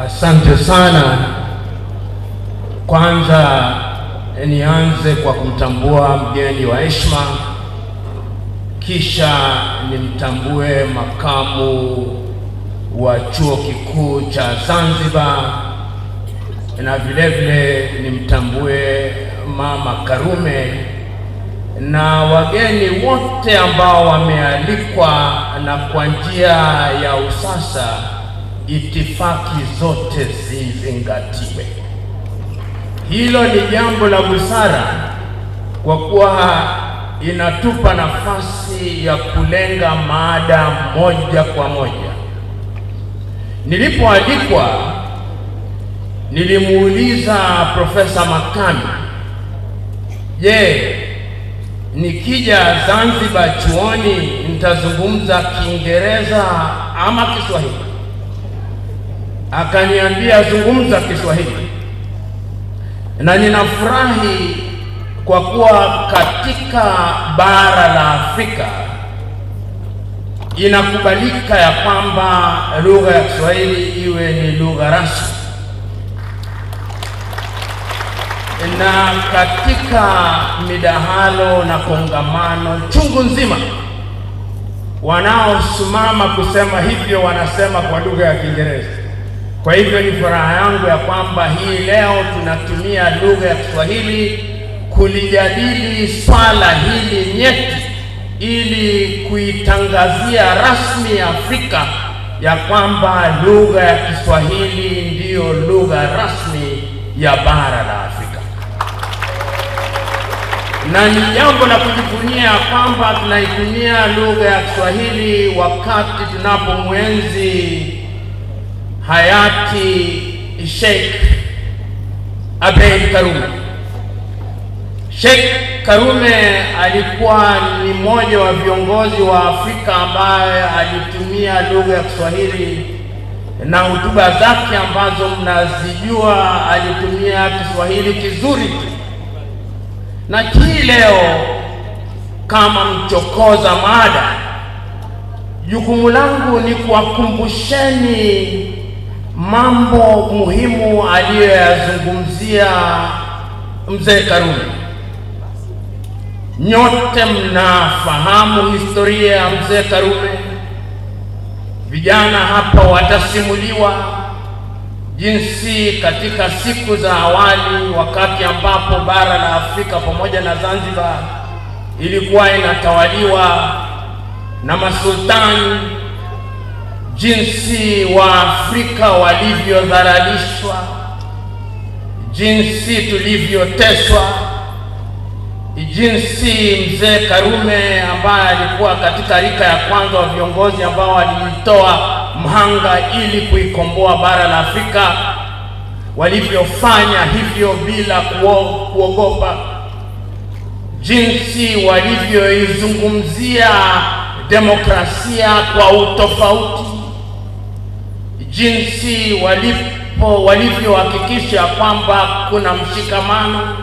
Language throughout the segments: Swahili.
Asante sana. Kwanza eh, nianze kwa kumtambua mgeni wa heshima, kisha nimtambue makamu wa chuo kikuu cha Zanzibar na vilevile nimtambue Mama Karume na wageni wote ambao wamealikwa na kwa njia ya usasa itifaki zote zizingatiwe. Hilo ni jambo la busara, kwa kuwa inatupa nafasi ya kulenga mada moja kwa moja. Nilipoalikwa nilimuuliza Profesa Makami, je, nikija Zanzibar chuoni nitazungumza Kiingereza ama Kiswahili? akaniambia zungumza Kiswahili, na ninafurahi kwa kuwa katika bara la Afrika inakubalika ya kwamba lugha ya Kiswahili iwe ni lugha rasmi, na katika midahalo na kongamano chungu nzima wanaosimama kusema hivyo wanasema kwa lugha ya Kiingereza. Kwa hivyo ni furaha yangu ya kwamba hii leo tunatumia lugha ya Kiswahili kulijadili swala hili nyeti, ili kuitangazia rasmi Afrika ya kwamba lugha ya Kiswahili ndiyo lugha rasmi ya bara la Afrika, na ni jambo la kujivunia kwamba tunaitumia lugha ya Kiswahili wakati tunapomwenzi hayati Sheikh Abeid Karume. Sheikh Karume alikuwa ni mmoja wa viongozi wa Afrika ambaye alitumia lugha ya Kiswahili na hotuba zake ambazo mnazijua, alitumia Kiswahili kizuri tu, na hii leo kama mchokoza mada, jukumu langu ni kuwakumbusheni mambo muhimu aliyoyazungumzia mzee Karume. Nyote mnafahamu historia ya mzee Karume. Vijana hapa watasimuliwa jinsi katika siku za awali, wakati ambapo bara la Afrika pamoja na Zanzibar ilikuwa inatawaliwa na masultani jinsi Waafrika walivyodhalalishwa, jinsi tulivyoteswa, jinsi mzee Karume ambaye alikuwa katika rika ya kwanza wa viongozi ambao walitoa mhanga ili kuikomboa bara la Afrika, walivyofanya hivyo bila kuogopa, jinsi walivyoizungumzia demokrasia kwa utofauti jinsi walipo walivyohakikisha kwamba kuna mshikamano.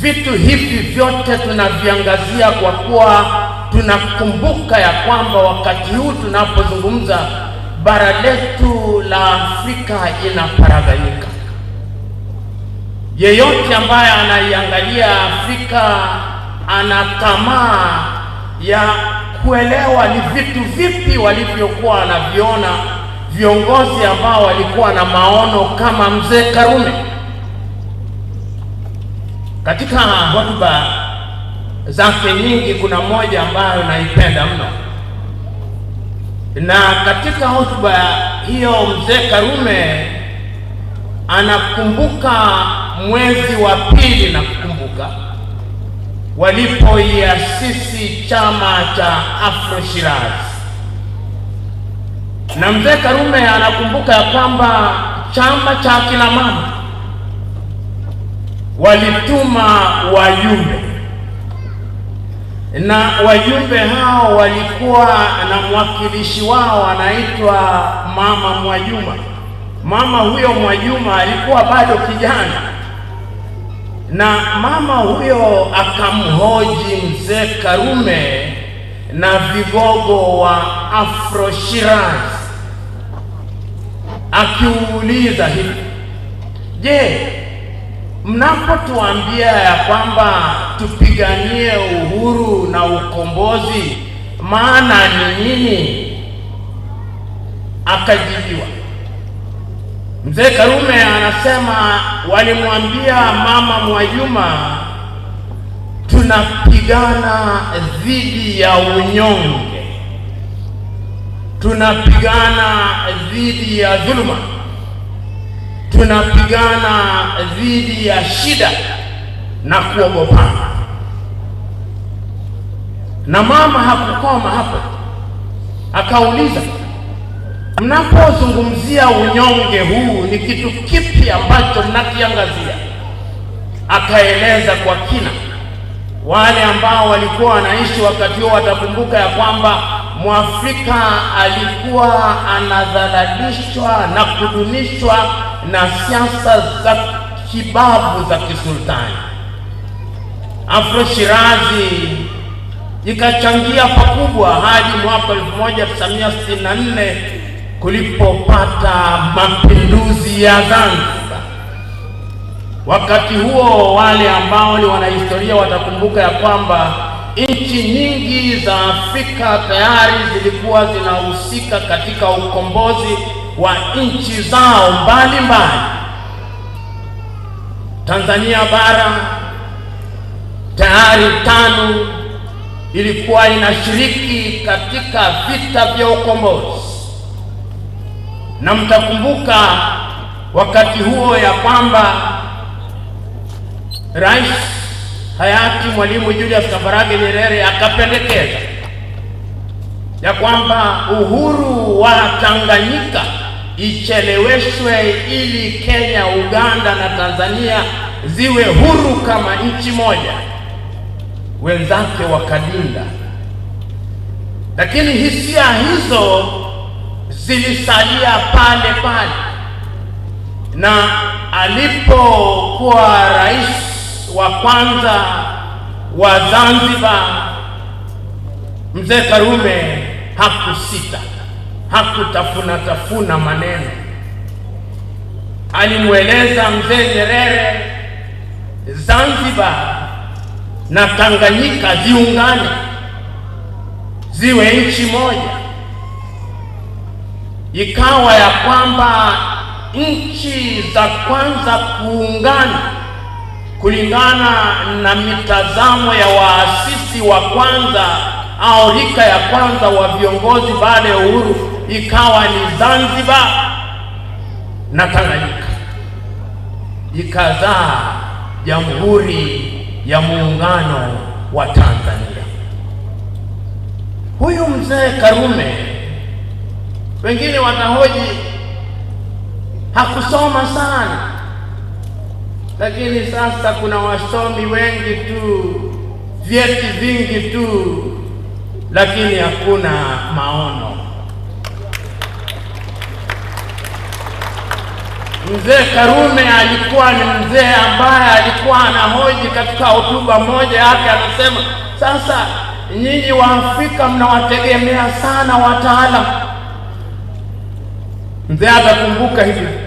Vitu hivi vyote tunaviangazia kwa kuwa tunakumbuka ya kwamba wakati huu tunapozungumza, bara letu la Afrika inaparaganyika. Yeyote ambaye anaiangalia Afrika ana tamaa ya kuelewa ni vitu vipi walivyokuwa wanaviona viongozi ambao walikuwa na maono kama mzee Karume. Katika hotuba zake nyingi, kuna moja ambayo naipenda mno, na katika hotuba hiyo mzee Karume anakumbuka mwezi wa pili, na kukumbuka walipoiasisi chama cha Afro Shirazi na mzee Karume anakumbuka ya kwamba chama cha kina mama walituma wajumbe na wajumbe hao walikuwa na mwakilishi wao anaitwa mama Mwajuma. Mama huyo Mwajuma alikuwa bado kijana, na mama huyo akamhoji mzee Karume na vigogo wa Afro Shirazi akiuliza hivi, je, mnapotuambia ya kwamba tupiganie uhuru na ukombozi maana ni nini? Akajibiwa. Mzee Karume anasema walimwambia Mama Mwajuma tunapigana dhidi ya unyonge tunapigana dhidi ya dhuluma, tunapigana dhidi ya shida na kuogopana. Na mama hakukoma hapo, akauliza, mnapozungumzia unyonge huu ni kitu kipi ambacho mnakiangazia? Akaeleza kwa kina. Wale ambao walikuwa wanaishi wakati huo watakumbuka ya kwamba Mwafrika alikuwa anadhalalishwa na kudunishwa na siasa za kibabu za kisultani. Afro Shirazi ikachangia pakubwa hadi mwaka 1964 kulipopata mapinduzi ya Zanzibar. Wakati huo wale ambao ni wanahistoria watakumbuka ya kwamba nchi nyingi za Afrika tayari zilikuwa zinahusika katika ukombozi wa nchi zao mbalimbali mbali. Tanzania bara tayari tano ilikuwa inashiriki katika vita vya ukombozi, na mtakumbuka wakati huo ya kwamba rais hayati Mwalimu Julius Kambarage Nyerere akapendekeza ya kwamba uhuru wa Tanganyika icheleweshwe ili Kenya, Uganda na Tanzania ziwe huru kama nchi moja. Wenzake wakadinda, lakini hisia hizo zilisalia pale pale, na alipokuwa rais wa kwanza wa Zanzibar mzee Karume hakusita, hakutafuna tafuna maneno, alimweleza mzee Nyerere Zanzibar na Tanganyika ziungane ziwe nchi moja, ikawa ya kwamba nchi za kwanza kuungana kulingana na mitazamo ya waasisi wa kwanza au rika ya kwanza wa viongozi baada ya uhuru, ikawa ni Zanzibar na Tanganyika, ikazaa Jamhuri ya Muungano wa Tanzania. Huyu mzee Karume, wengine watahoji hakusoma sana lakini sasa kuna wasomi wengi tu, vyeti vingi tu, lakini hakuna maono. Mzee Karume alikuwa ni mzee ambaye alikuwa anahoji katika hotuba moja yake, anasema sasa nyinyi waafrika mnawategemea sana wataalamu. Mzee atakumbuka hivi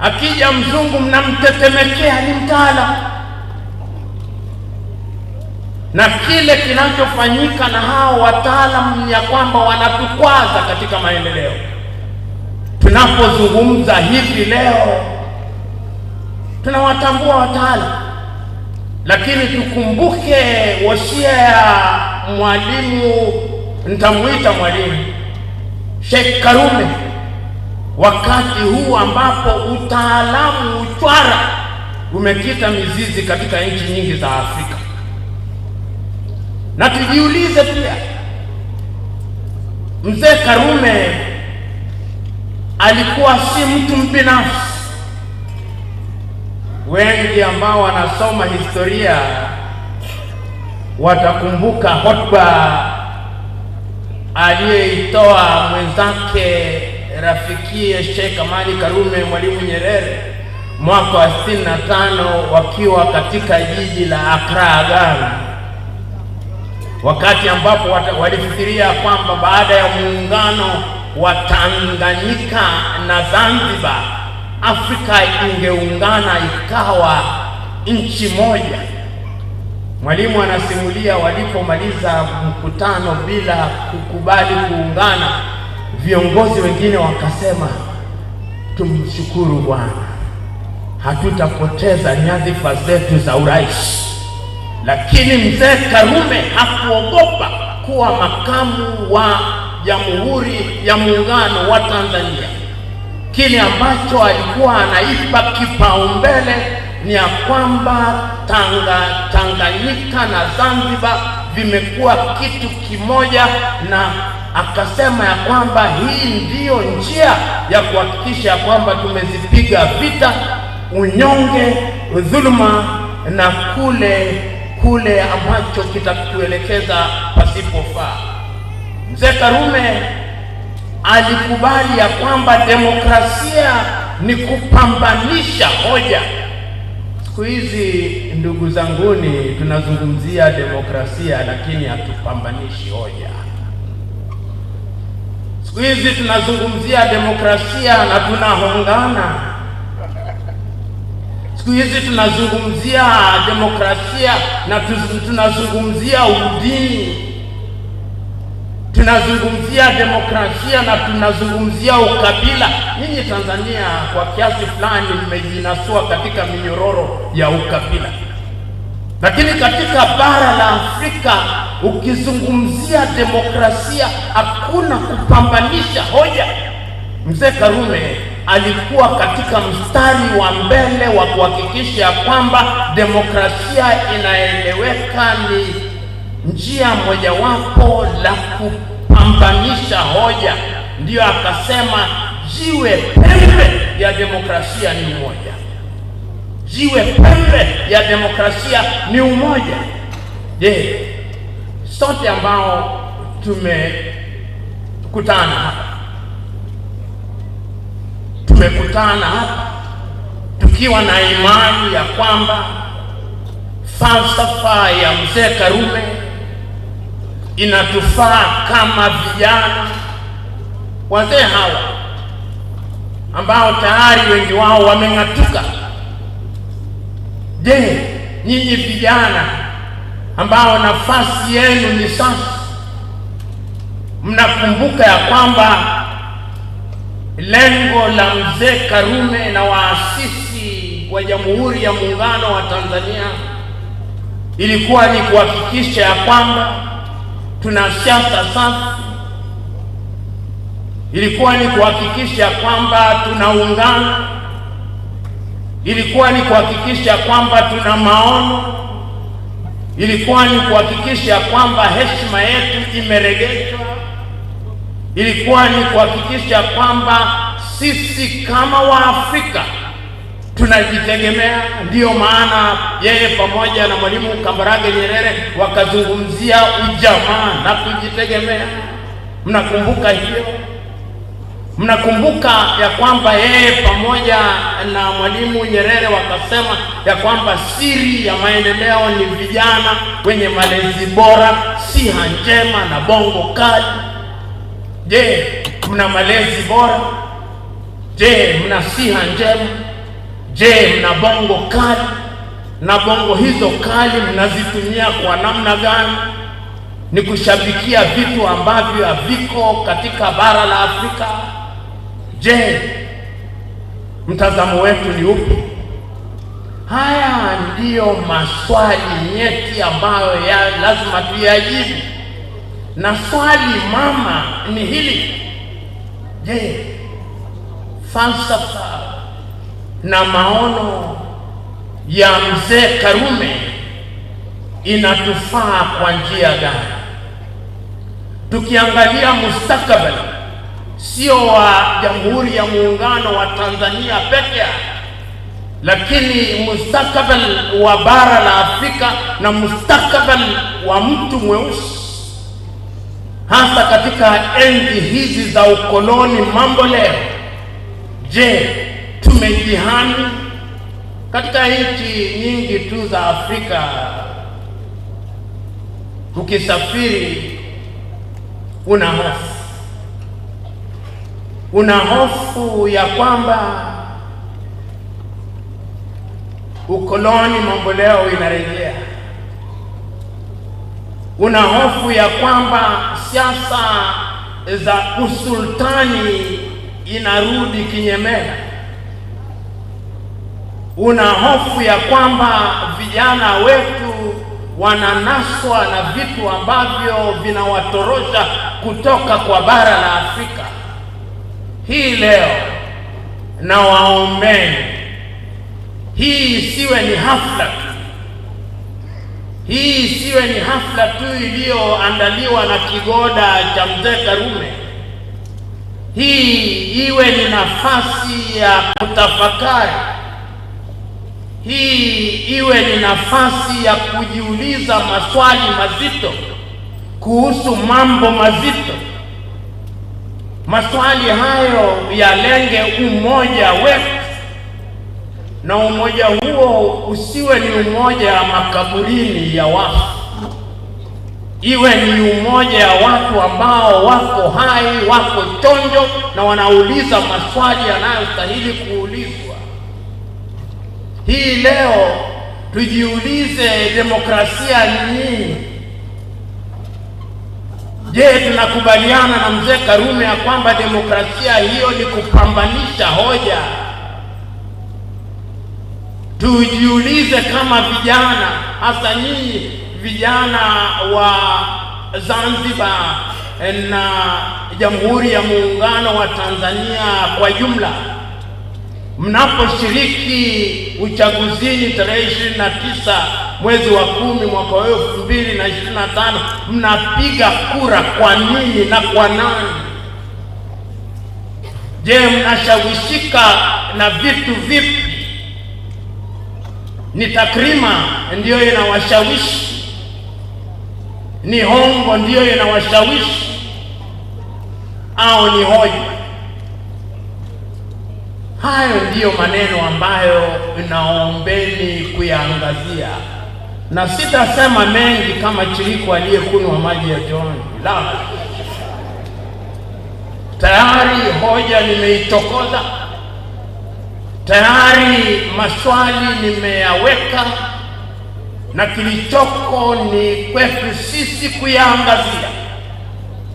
Akija mzungu mnamtetemekea, ni mtaalamu. Na kile kinachofanyika na hao wataalamu ya kwamba wanatukwaza katika maendeleo. Tunapozungumza hivi leo, tunawatambua wataalamu, lakini tukumbuke wasia ya mwalimu, nitamwita mwalimu Sheikh Karume wakati huu ambapo utaalamu uchwara umekita mizizi katika nchi nyingi za Afrika, na tujiulize pia, mzee Karume alikuwa si mtu mbinafsi. Wengi ambao wanasoma historia watakumbuka hotuba aliyeitoa mwenzake rafikie Sheikh Amani Karume Mwalimu Nyerere mwaka wa 65 wakiwa katika jiji la Accra, Ghana, wakati ambapo walifikiria kwamba baada ya muungano wa Tanganyika na Zanzibar Afrika ingeungana ikawa nchi moja. Mwalimu anasimulia walipomaliza mkutano bila kukubali kuungana Viongozi wengine wakasema, tumshukuru Bwana, hatutapoteza nyadhifa zetu za urais. Lakini mzee Karume hakuogopa kuwa makamu wa Jamhuri ya Muungano wa Tanzania. Kile ambacho alikuwa anaipa kipaumbele ni ya kwamba Tanga, Tanganyika na Zanzibar vimekuwa kitu kimoja na akasema ya kwamba hii ndiyo njia ya kuhakikisha ya kwamba tumezipiga vita unyonge, dhuluma na kule kule ambacho kitatuelekeza pasipofaa. Mzee Karume alikubali ya kwamba demokrasia ni kupambanisha hoja. Siku hizi ndugu zanguni, tunazungumzia demokrasia lakini hatupambanishi hoja. Siku hizi tunazungumzia demokrasia na tunahongana. Siku hizi tunazungumzia demokrasia na tunazungumzia udini, tunazungumzia demokrasia na tunazungumzia ukabila. Ninyi Tanzania kwa kiasi fulani mmejinasua katika minyororo ya ukabila, lakini katika bara la Afrika ukizungumzia demokrasia hakuna kupambanisha hoja. Mzee Karume alikuwa katika mstari wa mbele wa kuhakikisha kwamba demokrasia inaeleweka ni njia mojawapo la kupambanisha hoja, ndiyo akasema jiwe pembe ya demokrasia ni umoja. Jiwe pembe ya demokrasia ni umoja. Je, sote ambao tumekutana hapa tumekutana hapa tukiwa na imani ya kwamba falsafa ya mzee Karume inatufaa kama vijana. Wazee hawa ambao tayari wengi wao wameng'atuka, je, nyinyi vijana ambao nafasi yenu ni sasa. Mnakumbuka ya kwamba lengo la mzee Karume na waasisi wa Jamhuri ya Muungano wa Tanzania ilikuwa ni kuhakikisha ya kwamba tuna siasa safi, ilikuwa ni kuhakikisha kwamba tunaungana, ilikuwa ni kuhakikisha kwamba tuna maono ilikuwa ni kuhakikisha kwamba heshima yetu imeregeshwa ilikuwa ni kuhakikisha kwamba sisi kama Waafrika tunajitegemea. Ndiyo maana yeye pamoja na Mwalimu Kambarage Nyerere wakazungumzia ujamaa na kujitegemea. Mnakumbuka hiyo? Mnakumbuka ya kwamba yeye pamoja na Mwalimu Nyerere wakasema ya kwamba siri ya maendeleo ni vijana wenye malezi bora, siha njema na bongo kali. Je, mna malezi bora? Je, mna siha njema? Je, mna bongo kali? Na bongo hizo kali mnazitumia kwa namna gani? Ni kushabikia vitu ambavyo haviko katika bara la Afrika Je, mtazamo wetu ni upi? Haya ndiyo maswali nyeti ambayo ya lazima tuyajibu, na swali mama ni hili: je, falsafa na maono ya mzee Karume inatufaa kwa njia gani? Tukiangalia mustakabali sio wa Jamhuri ya Muungano wa Tanzania pekee, lakini mustakabali wa bara la Afrika na mustakabali wa mtu mweusi, hasa katika enzi hizi za ukoloni mambo leo. Je, tumejihami katika nchi nyingi tu za Afrika tukisafiri, una hofu kuna hofu ya kwamba ukoloni mambo leo inarejea. Kuna hofu ya kwamba siasa za usultani inarudi kinyemela. Una hofu ya kwamba vijana wetu wananaswa na vitu ambavyo vinawatorosha kutoka kwa bara la Afrika hii leo na waombeni, hii isiwe ni hafla tu, hii isiwe ni hafla tu iliyoandaliwa na kigoda cha mzee Karume. Hii iwe ni nafasi ya kutafakari, hii iwe ni nafasi ya kujiuliza maswali mazito kuhusu mambo mazito. Maswali hayo yalenge umoja wetu, na umoja huo usiwe ni umoja wa makaburini ya wafu, iwe ni umoja wa watu ambao wako hai, wako chonjo na wanauliza maswali yanayostahili kuulizwa. Hii leo tujiulize, demokrasia ni nini? Je, tunakubaliana na mzee Karume ya kwamba demokrasia hiyo ni kupambanisha hoja? Tujiulize kama vijana, hasa nyinyi vijana wa Zanzibar eh, na Jamhuri ya Muungano wa Tanzania kwa jumla, mnaposhiriki uchaguzini tarehe ishirini na tisa mwezi wa kumi mwaka wa elfu mbili na ishirini na tano mnapiga kura kwa nini na kwa nani? Je, mnashawishika na vitu vipi? Ni takrima ndiyo inawashawishi? Ni hongo ndiyo inawashawishi au ni hoja? Hayo ndiyo maneno ambayo naombeni kuyaangazia na sitasema mengi kama chiriku aliyekunywa maji ya chooni. La, tayari hoja nimeitokoza, tayari maswali nimeyaweka, na kilichoko ni kwetu sisi kuyaangazia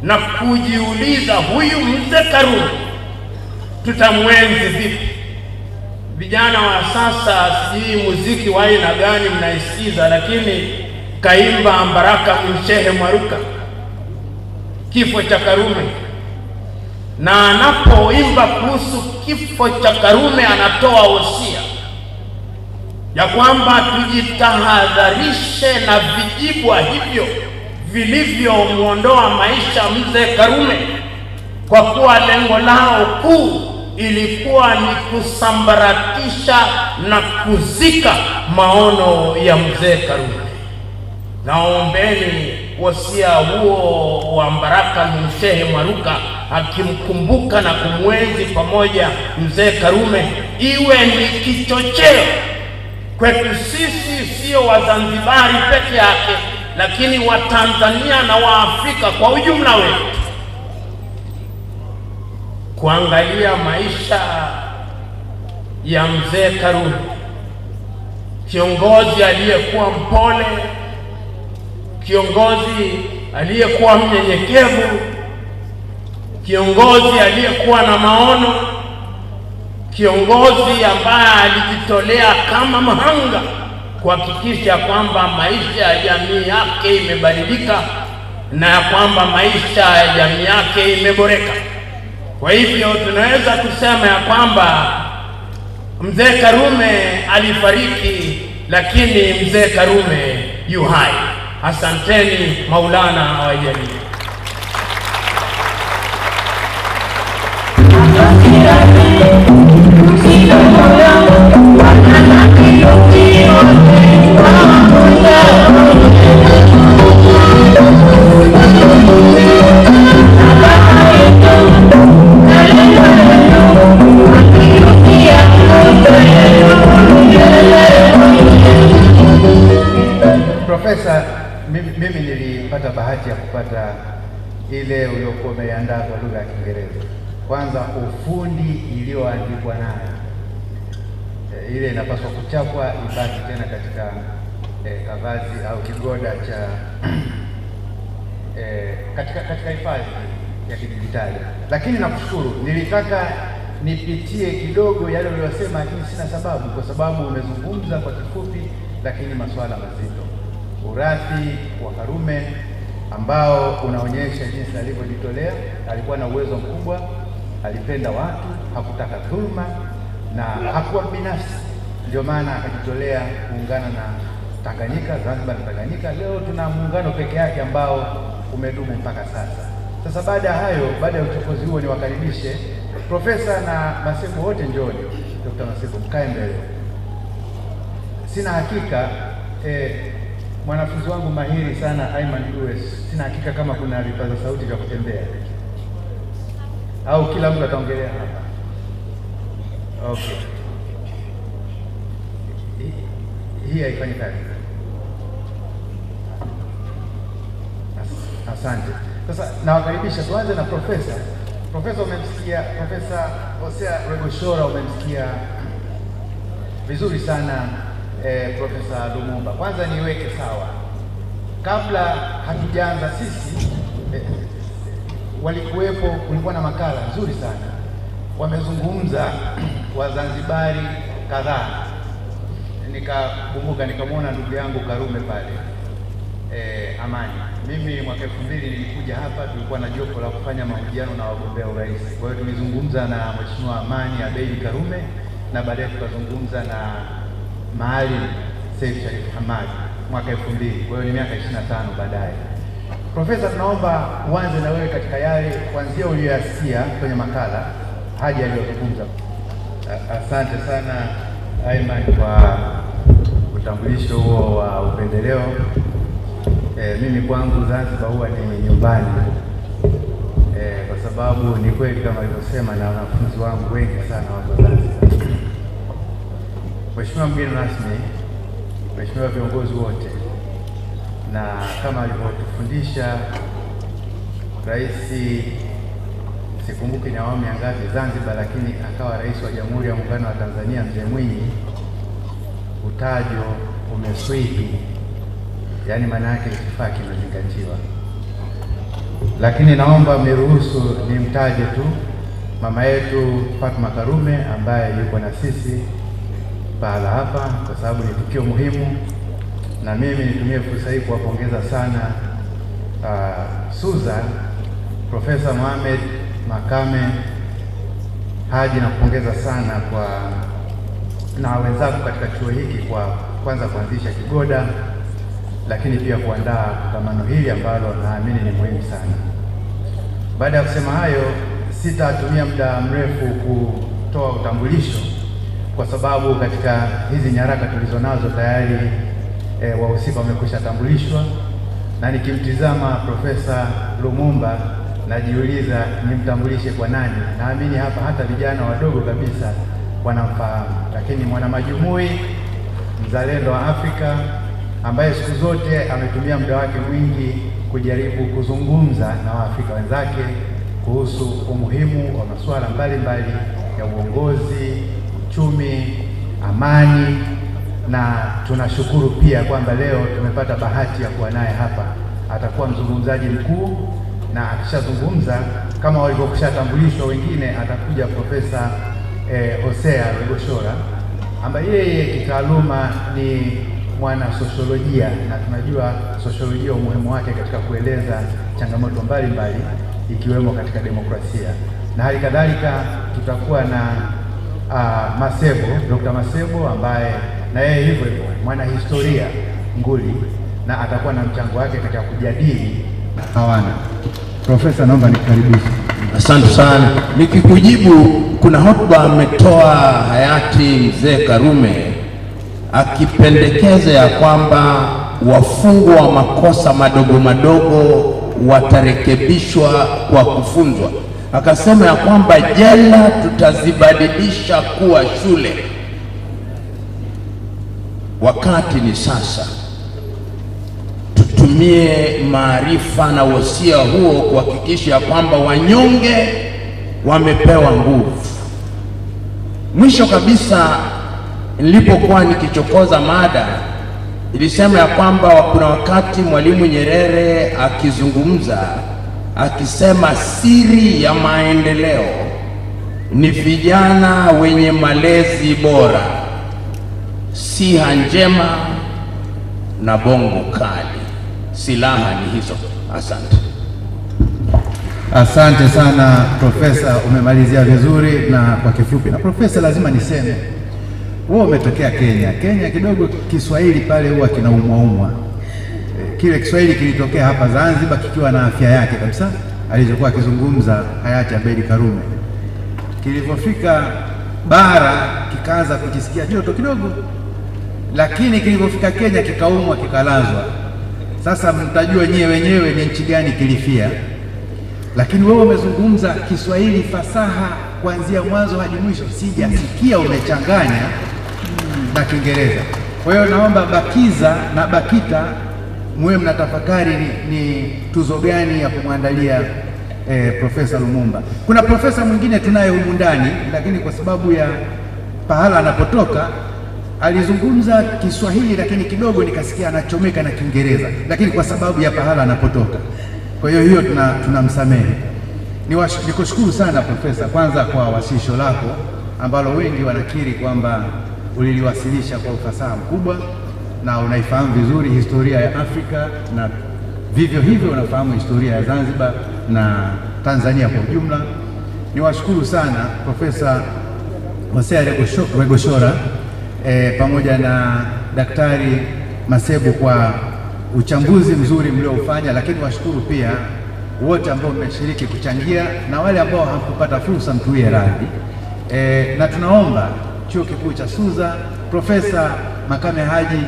na kujiuliza, huyu mzee Karume tutamwenzi vipi? vijana wa sasa, sijui muziki wa aina gani mnaisikiza, lakini kaimba Mbaraka Mshehe Mwaruka, kifo cha Karume, na anapoimba kuhusu kifo cha Karume anatoa wosia ya kwamba tujitahadharishe na vijibwa hivyo vilivyomwondoa maisha mzee Karume, kwa kuwa lengo lao kuu ilikuwa ni kusambaratisha na kuzika maono ya mzee Karume. Naombeni wasia huo wa Mbaraka Mshehe Shehe Mwaruka akimkumbuka na kumwenzi pamoja mzee Karume iwe ni kichocheo kwetu sisi, sio Wazanzibari peke yake, lakini Watanzania na Waafrika kwa ujumla wetu kuangalia maisha ya mzee Karume, kiongozi aliyekuwa mpole, kiongozi aliyekuwa mnyenyekevu, kiongozi aliyekuwa na maono, kiongozi ambaye alijitolea kama mhanga kuhakikisha kwamba maisha ya jamii yake imebadilika na kwamba maisha ya jamii yake imeboreka. Kwa hivyo tunaweza kusema ya kwamba mzee Karume alifariki, lakini mzee Karume yu hai. Asanteni, Maulana awajalie. Profesa, mimi, nilipata bahati ya kupata ile uliokuwa umeandaa kwa lugha ya Kiingereza. Kwanza ufundi iliyoandikwa nayo e, ile inapaswa kuchapwa ibaki tena katika e, kavazi au kigoda cha e, katika katika hifadhi ya kidijitali. Lakini nakushukuru, nilitaka nipitie kidogo yale uliyosema, lakini sina sababu, kwa sababu umezungumza kwa kifupi, lakini masuala mazito urathi wa Karume ambao unaonyesha jinsi alivyojitolea. Alikuwa na uwezo mkubwa, alipenda watu, hakutaka dhuluma na hakuwa binafsi. Ndio maana akajitolea kuungana na Tanganyika, Zanzibar na Tanganyika. Leo tuna muungano peke yake ambao umedumu mpaka sasa. Sasa baada ya hayo, baada ya uchokozi huo, niwakaribishe profesa na Masibu wote, njoni. Dr. Masibu, mkae mbele. Sina hakika eh, mwanafunzi wangu mahiri sana Ayman Lewis, sina hakika kama kuna vipaza sauti vya kutembea au kila mtu ataongelea hapa. Okay, hii haifanyi kazi. Asante. Sasa nawakaribisha, tuanze na profesa. Profesa umemsikia, Profesa Hosea Regoshora umemsikia vizuri sana eh, Profesa Lumumba. Kwanza niweke sawa, kabla hatujaanza sisi eh, walikuwepo, kulikuwa na makala nzuri sana, wamezungumza Wazanzibari kadhaa, nikakumbuka nikamwona ndugu yangu Karume pale eh, Amani. Mimi mwaka elfu mbili nilikuja hapa, tulikuwa na jopo la kufanya mahojiano na wagombea urais. Kwa hiyo tulizungumza na Mheshimiwa Amani Abeid Karume na baadaye tukazungumza na Maalim Seif Sharif Hamad mwaka 2000. Kwa hiyo ni miaka 25 baadaye. Profesa, tunaomba uanze na wewe katika yale kuanzia uliyoyasikia kwenye makala hadi aliyozungumza. Asante sana Aiman kwa utambulisho huo wa upendeleo. E, mimi kwangu Zanzibar huwa ni nyumbani e, kwa sababu ni kweli kama alivyosema na wanafunzi wangu wengi sana wako Zanzibar Mheshimiwa mgeni rasmi, Mheshimiwa viongozi wote, na kama alivyotufundisha Rais, sikumbuki ni awamu ya ngapi Zanzibar, lakini akawa rais wa Jamhuri ya Muungano wa Tanzania Mzee Mwinyi, utajo umeswipi, yaani maana yake kifaa kimezingatiwa. Lakini naomba mniruhusu nimtaje tu mama yetu Fatma Karume ambaye yuko na sisi pahala hapa kwa sababu ni tukio muhimu, na mimi nitumie fursa hii kuwapongeza sana uh, Suza Profesa Mohamed Makame Haji, nakupongeza sana kwa na wenzako katika chuo hiki kwa kwanza kuanzisha Kigoda, lakini pia kuandaa kongamano hili ambalo naamini ni muhimu sana. Baada ya kusema hayo, sitatumia muda mrefu kutoa utambulisho kwa sababu katika hizi nyaraka tulizo nazo tayari e, wahusika wamekwisha tambulishwa, na nikimtizama Profesa Lumumba najiuliza nimtambulishe kwa nani? Naamini hapa hata vijana wadogo kabisa wanamfahamu, lakini mwanamajumui mzalendo wa Afrika ambaye siku zote ametumia muda wake mwingi kujaribu kuzungumza na Waafrika wenzake kuhusu umuhimu wa masuala mbalimbali ya uongozi uchumi, amani, na tunashukuru pia kwamba leo tumepata bahati ya kuwa naye hapa. Atakuwa mzungumzaji mkuu na akishazungumza kama walivyokushatambulishwa wengine, atakuja Profesa eh, Hosea Rwegoshora ambaye yeye kitaaluma ni mwana sosiolojia na tunajua sosiolojia umuhimu wake katika kueleza changamoto mbalimbali ikiwemo katika demokrasia na hali kadhalika tutakuwa na uh, Masebo, Dr. Masebo ambaye na yeye hivyo hivyo mwanahistoria nguli na atakuwa na mchango wake katika kujadili hawana. Profesa, naomba nikukaribishe. Asante sana. Nikikujibu, kuna hotuba ametoa hayati mzee Karume akipendekeza ya kwamba wafungwa wa makosa madogo madogo watarekebishwa kwa kufunzwa akasema ya kwamba jela tutazibadilisha kuwa shule. Wakati ni sasa, tutumie maarifa na wosia huo kuhakikisha kwamba wanyonge wamepewa nguvu. Mwisho kabisa, nilipokuwa nikichokoza mada ilisema ya kwamba kuna wakati Mwalimu Nyerere akizungumza akisema siri ya maendeleo ni vijana wenye malezi bora, siha njema na bongo kali. Silaha ni hizo. Asante. Asante sana Profesa, umemalizia vizuri na kwa kifupi. Na Profesa, lazima niseme wewe umetokea Kenya. Kenya kidogo Kiswahili pale huwa kinaumwaumwa kile Kiswahili kilitokea hapa Zanzibar kikiwa na afya yake kabisa, alizokuwa akizungumza hayati Abedi Karume. Kilivyofika bara kikaanza kujisikia joto kidogo, lakini kilivyofika Kenya kikaumwa, kikalazwa. Sasa mtajua nyewe wenyewe ni nchi gani kilifia. Lakini wewe umezungumza Kiswahili fasaha kuanzia mwanzo hadi mwisho, sijasikia umechanganya na Kiingereza. Kwa hiyo naomba BAKIZA na BAKITA muwe mnatafakari ni, ni tuzo gani ya kumwandalia eh, Profesa Lumumba. Kuna profesa mwingine tunaye humu ndani, lakini kwa sababu ya pahala anapotoka alizungumza Kiswahili, lakini kidogo nikasikia anachomeka na Kiingereza, lakini kwa sababu ya pahala anapotoka, kwa hiyo hiyo tunamsamehe. Tuna nikushukuru sana profesa, kwanza kwa wasilisho lako ambalo wengi wanakiri kwamba uliliwasilisha kwa ufasaha mkubwa na unaifahamu vizuri historia ya Afrika na vivyo hivyo unafahamu historia ya Zanzibar na Tanzania kwa ujumla. Niwashukuru sana Profesa Hosea Regoshora e, pamoja na Daktari Masebu kwa uchambuzi mzuri mlioufanya, lakini washukuru pia wote ambao mmeshiriki kuchangia na wale ambao hakupata fursa mtuie radhi. E, na tunaomba Chuo Kikuu cha Suza Profesa Makame Haji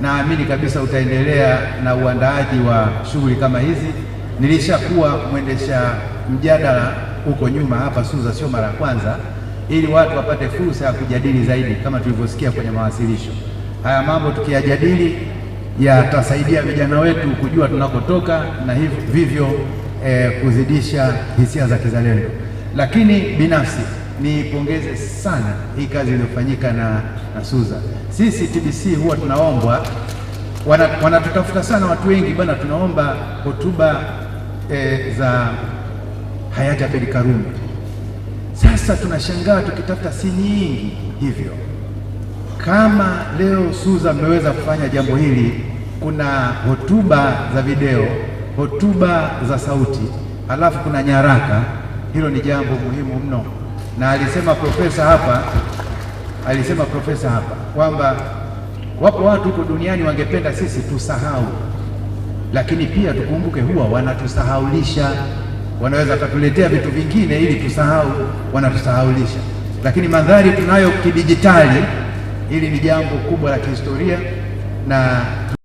naamini kabisa utaendelea na uandaaji wa shughuli kama hizi. Nilishakuwa mwendesha mjadala huko nyuma hapa SUZA, sio mara ya kwanza, ili watu wapate fursa ya kujadili zaidi, kama tulivyosikia kwenye mawasilisho haya. Mambo tukiyajadili yatasaidia vijana wetu kujua tunakotoka na hivyo vivyo eh, kuzidisha hisia za kizalendo. Lakini binafsi niipongeze sana hii kazi iliyofanyika na, na Suza. Sisi TBC huwa tunaombwa, wanatutafuta sana watu wengi bwana, tunaomba hotuba e, za hayati Abedi Karume. Sasa tunashangaa tukitafuta si nyingi hivyo. Kama leo Suza mmeweza kufanya jambo hili, kuna hotuba za video, hotuba za sauti, halafu kuna nyaraka. Hilo ni jambo muhimu mno na alisema profesa hapa, alisema profesa hapa kwamba wapo watu huko duniani wangependa sisi tusahau, lakini pia tukumbuke huwa wanatusahaulisha. Wanaweza wakatuletea vitu vingine ili tusahau, wanatusahaulisha. Lakini mandhari tunayo kidijitali, hili ni jambo kubwa la kihistoria na